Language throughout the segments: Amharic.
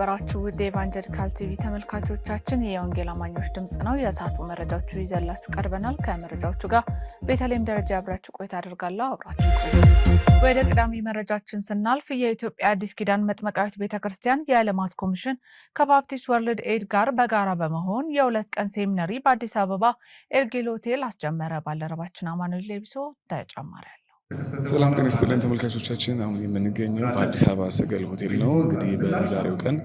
የተከበራችሁ ውድ የኢቫንጀሊካል ቲቪ ተመልካቾቻችን የወንጌል አማኞች ድምፅ ነው። የሰዓቱ መረጃዎቹ ይዘላችሁ ቀርበናል። ከመረጃዎቹ ጋር በተለይም ደረጃ አብራችሁ ቆይታ አደርጋለሁ። አብራችሁ ወደ ቅዳሜ መረጃችን ስናልፍ የኢትዮጵያ አዲስ ኪዳን መጥመቃዊት ቤተክርስቲያን የልማት ኮሚሽን ከባፕቲስት ወርልድ ኤድ ጋር በጋራ በመሆን የሁለት ቀን ሴሚነሪ በአዲስ አበባ ኤርጌል ሆቴል አስጀመረ። ባልደረባችን አማኑኤል ሌቢሶ ተጨማሪያል ሰላም ጤና ይስጥልን ተመልካቾቻችን፣ አሁን የምንገኘው በአዲስ አበባ ሰገል ሆቴል ነው። እንግዲህ በዛሬው ቀን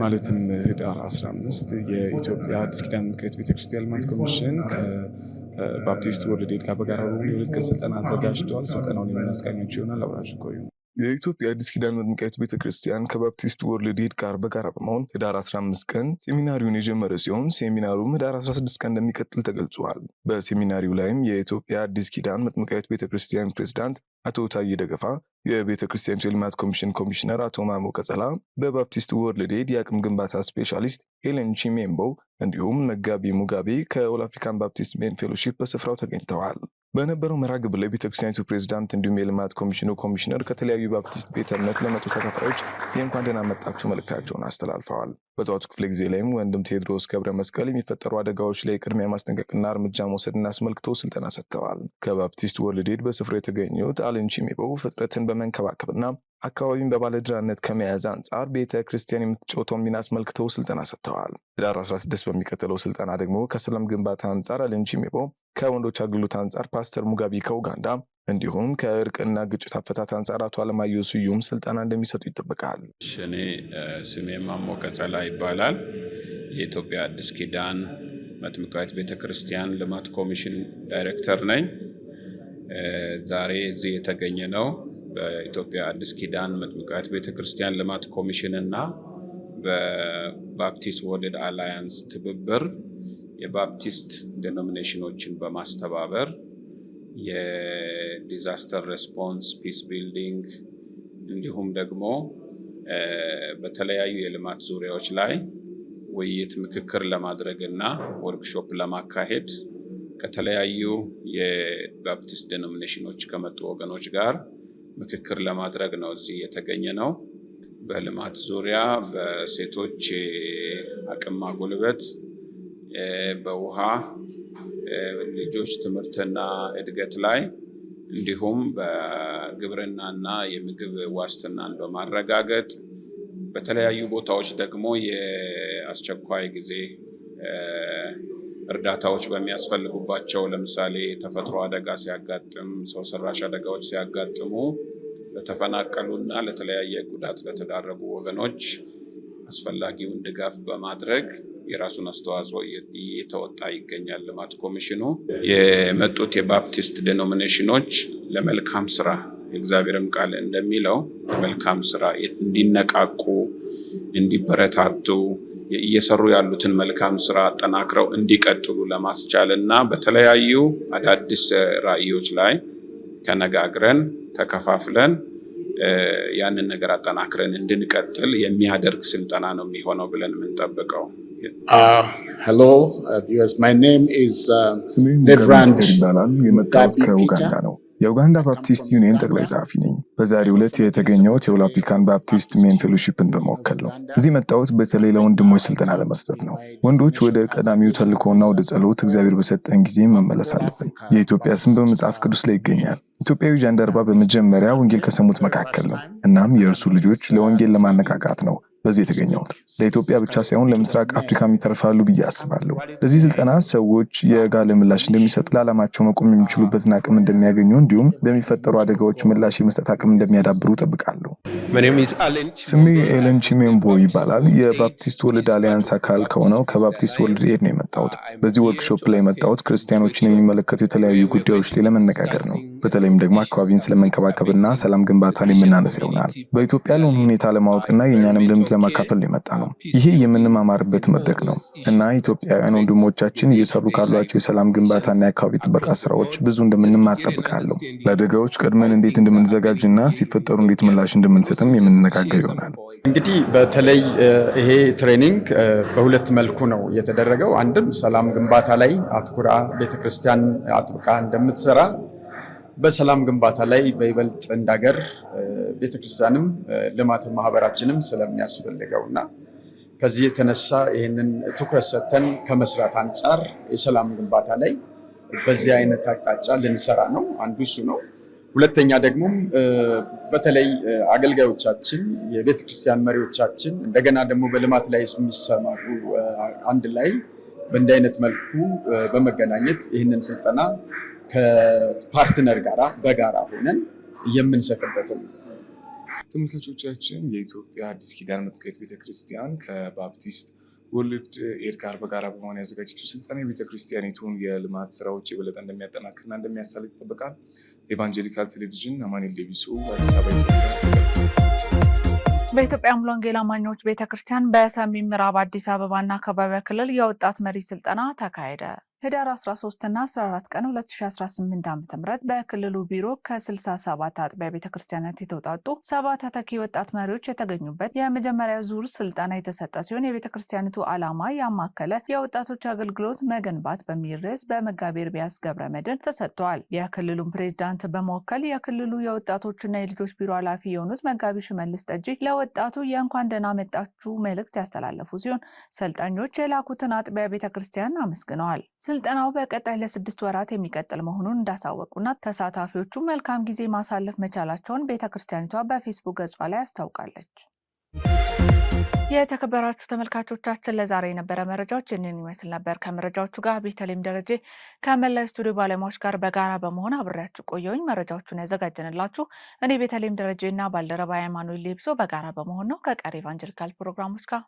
ማለትም ህዳር 15 የኢትዮጵያ አዲስ ኪዳን ምክሬት ቤተክርስቲያን ልማት ኮሚሽን ከባፕቲስት ወርልድ ኤድ ጋር በጋራ በመሆን የሁለት ቀን ስልጠና አዘጋጅተዋል። ስልጠናውን የምናስቃኛችሁ ይሆናል። አብራችሁ ቆዩ። የኢትዮጵያ አዲስ ኪዳን መጥምቃዊት ቤተ ክርስቲያን ከባፕቲስት ወርልድ ሄድ ጋር በጋራ በመሆን ህዳር 15 ቀን ሴሚናሪውን የጀመረ ሲሆን ሴሚናሩም ህዳር 16 ቀን እንደሚቀጥል ተገልጿል። በሴሚናሪው ላይም የኢትዮጵያ አዲስ ኪዳን መጥምቃዊት ቤተ ክርስቲያን ፕሬዚዳንት አቶ ታዬ ደገፋ፣ የቤተ ክርስቲያን የልማት ኮሚሽን ኮሚሽነር አቶ ማሞ ቀጸላ፣ በባፕቲስት ወርልድ ሄድ የአቅም ግንባታ ስፔሻሊስት ሄሌን ቺሜምቦ እንዲሁም መጋቢ ሙጋቤ ከኦል አፍሪካን ባፕቲስት ሜን ፌሎሺፕ በስፍራው ተገኝተዋል። በነበረው መርሃ ግብር ላይ ቤተክርስቲያኒቱ ፕሬዚዳንት እንዲሁም የልማት ኮሚሽኑ ኮሚሽነር ከተለያዩ ባፕቲስት ቤተ እምነት ለመጡ ተከታዮች የእንኳን ደህና መጣችሁ መልእክታቸውን አስተላልፈዋል። በጠዋቱ ክፍለ ጊዜ ላይም ወንድም ቴዎድሮስ ገብረ መስቀል የሚፈጠሩ አደጋዎች ላይ ቅድሚያ ማስጠንቀቅና እርምጃ መውሰድን አስመልክቶ ስልጠና ሰጥተዋል። ከባፕቲስት ወልዴድ በስፍራው የተገኙት አለን ቺሜቦ ፍጥረትን በመንከባከብና አካባቢን በባለድራነት ከመያዝ አንጻር ቤተ ክርስቲያን የምትጫወተውን ሚና አስመልክተው ስልጠና ሰጥተዋል። ህዳር 16 በሚቀጥለው ስልጠና ደግሞ ከሰላም ግንባታ አንጻር አለን ቺሜቦ ከወንዶች አገልግሎት አንጻር ፓስተር ሙጋቢ ከኡጋንዳ እንዲሁም ከእርቅና ግጭት አፈታት አንጻር አቶ አለማየሁ ስዩም ስልጠና እንደሚሰጡ ይጠበቃል። እኔ ስሜ ማሞ ቀጸላ ይባላል። የኢትዮጵያ አዲስ ኪዳን መጥምቃዊት ቤተ ክርስቲያን ልማት ኮሚሽን ዳይሬክተር ነኝ። ዛሬ እዚህ የተገኘ ነው በኢትዮጵያ አዲስ ኪዳን መጥምቃዊት ቤተ ክርስቲያን ልማት ኮሚሽን እና በባፕቲስት ወርልድ አላያንስ ትብብር የባፕቲስት ዴኖሚኔሽኖችን በማስተባበር የዲዛስተር ሬስፖንስ ፒስ ቢልዲንግ እንዲሁም ደግሞ በተለያዩ የልማት ዙሪያዎች ላይ ውይይት፣ ምክክር ለማድረግ እና ወርክሾፕ ለማካሄድ ከተለያዩ የባፕቲስት ዴኖሚኔሽኖች ከመጡ ወገኖች ጋር ምክክር ለማድረግ ነው እዚህ የተገኘ ነው። በልማት ዙሪያ በሴቶች አቅም ማጎልበት በውሃ ልጆች ትምህርትና እድገት ላይ እንዲሁም በግብርናና የምግብ ዋስትናን በማረጋገጥ በተለያዩ ቦታዎች ደግሞ የአስቸኳይ ጊዜ እርዳታዎች በሚያስፈልጉባቸው ለምሳሌ የተፈጥሮ አደጋ ሲያጋጥም፣ ሰው ሰራሽ አደጋዎች ሲያጋጥሙ ለተፈናቀሉና ለተለያየ ጉዳት ለተዳረጉ ወገኖች አስፈላጊውን ድጋፍ በማድረግ የራሱን አስተዋጽኦ እየተወጣ ይገኛል። ልማት ኮሚሽኑ የመጡት የባፕቲስት ዴኖሚኔሽኖች ለመልካም ስራ የእግዚአብሔርም ቃል እንደሚለው ለመልካም ስራ እንዲነቃቁ፣ እንዲበረታቱ እየሰሩ ያሉትን መልካም ስራ አጠናክረው እንዲቀጥሉ ለማስቻል እና በተለያዩ አዳዲስ ራዕዮች ላይ ተነጋግረን ተከፋፍለን ያንን ነገር አጠናክረን እንድንቀጥል የሚያደርግ ስልጠና ነው የሚሆነው ብለን የምንጠብቀው Uh, uh, uh, ስሜ ሙገሪት ይባላል። የመጣሁት ከኡጋንዳ ነው። የኡጋንዳ ባፕቲስት ዩኒየን ጠቅላይ ጸሐፊ ነኝ። በዛሬው ዕለት የተገኘሁት የኦል አፍሪካን ባፕቲስት ሜን ፌሎሺፕን በመወከል ነው። እዚህ መጣሁት በተለይ ለወንድሞች ስልጠና ለመስጠት ነው። ወንዶች ወደ ቀዳሚው ተልእኮና ወደ ጸሎት እግዚአብሔር በሰጠን ጊዜ መመለስ አለብን። የኢትዮጵያ ስም በመጽሐፍ ቅዱስ ላይ ይገኛል። ኢትዮጵያዊ ጃንደርባ በመጀመሪያ ወንጌል ከሰሙት መካከል ነው። እናም የእርሱ ልጆች ለወንጌል ለማነቃቃት ነው በዚህ የተገኘሁት ለኢትዮጵያ ብቻ ሳይሆን ለምስራቅ አፍሪካም ይተርፋሉ ብዬ አስባለሁ። ለዚህ ስልጠና ሰዎች የጋለ ምላሽ እንደሚሰጡ፣ ለዓላማቸው መቆም የሚችሉበትን አቅም እንደሚያገኙ፣ እንዲሁም ለሚፈጠሩ አደጋዎች ምላሽ የመስጠት አቅም እንደሚያዳብሩ ጠብቃለሁ። ስሜ ኤለን ቺሜምቦ ይባላል። የባፕቲስት ወልድ አሊያንስ አካል ከሆነው ከባፕቲስት ወልድ ኤድ ነው የመጣሁት። በዚህ ወርክሾፕ ላይ የመጣሁት ክርስቲያኖችን የሚመለከቱ የተለያዩ ጉዳዮች ላይ ለመነጋገር ነው። በተለይም ደግሞ አካባቢን ስለመንከባከብና ሰላም ግንባታን የምናነሳ ይሆናል። በኢትዮጵያ ያለውን ሁኔታ ለማወቅና የእኛንም ልምድ ለመካፈል የመጣ ነው። ይሄ የምንማማርበት መድረክ ነው እና ኢትዮጵያውያን ወንድሞቻችን እየሰሩ ካሏቸው የሰላም ግንባታና የአካባቢ ጥበቃ ስራዎች ብዙ እንደምንማር ጠብቃለሁ። ለአደጋዎች ቀድመን እንዴት እንደምንዘጋጅ እና ሲፈጠሩ እንዴት ምላሽ እንደምንሰጥም የምንነጋገር ይሆናል። እንግዲህ በተለይ ይሄ ትሬኒንግ በሁለት መልኩ ነው የተደረገው። አንድም ሰላም ግንባታ ላይ አትኩራ ቤተክርስቲያን አጥብቃ እንደምትሰራ በሰላም ግንባታ ላይ በይበልጥ እንዳገር ቤተክርስቲያንም ልማት ማህበራችንም ስለሚያስፈልገው እና ከዚህ የተነሳ ይህንን ትኩረት ሰጥተን ከመስራት አንጻር የሰላም ግንባታ ላይ በዚህ አይነት አቅጣጫ ልንሰራ ነው። አንዱ እሱ ነው። ሁለተኛ ደግሞ በተለይ አገልጋዮቻችን፣ የቤተክርስቲያን መሪዎቻችን እንደገና ደግሞ በልማት ላይ የሚሰማሩ አንድ ላይ በእንዲህ አይነት መልኩ በመገናኘት ይህንን ስልጠና ከፓርትነር ጋራ በጋራ ሆነን የምንሰጥበት ነው። ተመልካቾቻችን የኢትዮጵያ አዲስ ኪዳን መጥምቀት ቤተክርስቲያን ከባፕቲስት ወልድ ኤድ ጋር በጋራ በመሆን ያዘጋጀችው ስልጠና የቤተክርስቲያኒቱን የልማት ስራዎች የበለጠ እንደሚያጠናክርና እንደሚያሳልጥ ይጠበቃል። ኤቫንጀሊካል ቴሌቪዥን አማኒል ሌቢሶ አዲስ አበባ ኢትዮጵያ በኢትዮጵያ ሙሉ ወንጌል አማኞች ቤተክርስቲያን በሰሜን ምዕራብ አዲስ አበባና አካባቢዋ ክልል የወጣት መሪ ስልጠና ተካሄደ። ህዳር 13 እና 14 ቀን 2018 ዓ ም በክልሉ ቢሮ ከ67 አጥቢያ ቤተ ክርስቲያናት የተውጣጡ ሰባ ተተኪ ወጣት መሪዎች የተገኙበት የመጀመሪያ ዙር ስልጠና የተሰጠ ሲሆን የቤተ ክርስቲያኒቱ ዓላማ ያማከለ የወጣቶች አገልግሎት መገንባት በሚል ርዕስ በመጋቢ ኤርምያስ ገብረ መድን ተሰጥተዋል። የክልሉን ፕሬዝዳንት በመወከል የክልሉ የወጣቶችና የልጆች ቢሮ ኃላፊ የሆኑት መጋቢ ሽመልስ ጠጅ ለወጣቱ የእንኳን ደህና መጣችሁ መልእክት ያስተላለፉ ሲሆን ሰልጣኞች የላኩትን አጥቢያ ቤተ ክርስቲያን አመስግነዋል። ስልጠናው በቀጣይ ለስድስት ወራት የሚቀጥል መሆኑን እንዳሳወቁና ተሳታፊዎቹ መልካም ጊዜ ማሳለፍ መቻላቸውን ቤተ ክርስቲያኒቷ በፌስቡክ ገጿ ላይ አስታውቃለች። የተከበራችሁ ተመልካቾቻችን ለዛሬ የነበረ መረጃዎች ይህንን ይመስል ነበር። ከመረጃዎቹ ጋር ቤተልሔም ደረጀ ከመላው ስቱዲዮ ባለሙያዎች ጋር በጋራ በመሆን አብሬያችሁ ቆየውኝ። መረጃዎቹን ያዘጋጀንላችሁ እኔ ቤተልሔም ደረጀ እና ባልደረባ ሃይማኖት ሊብሶ በጋራ በመሆን ነው። ከቀሪ ኢቫንጀሊካል ፕሮግራሞች ጋር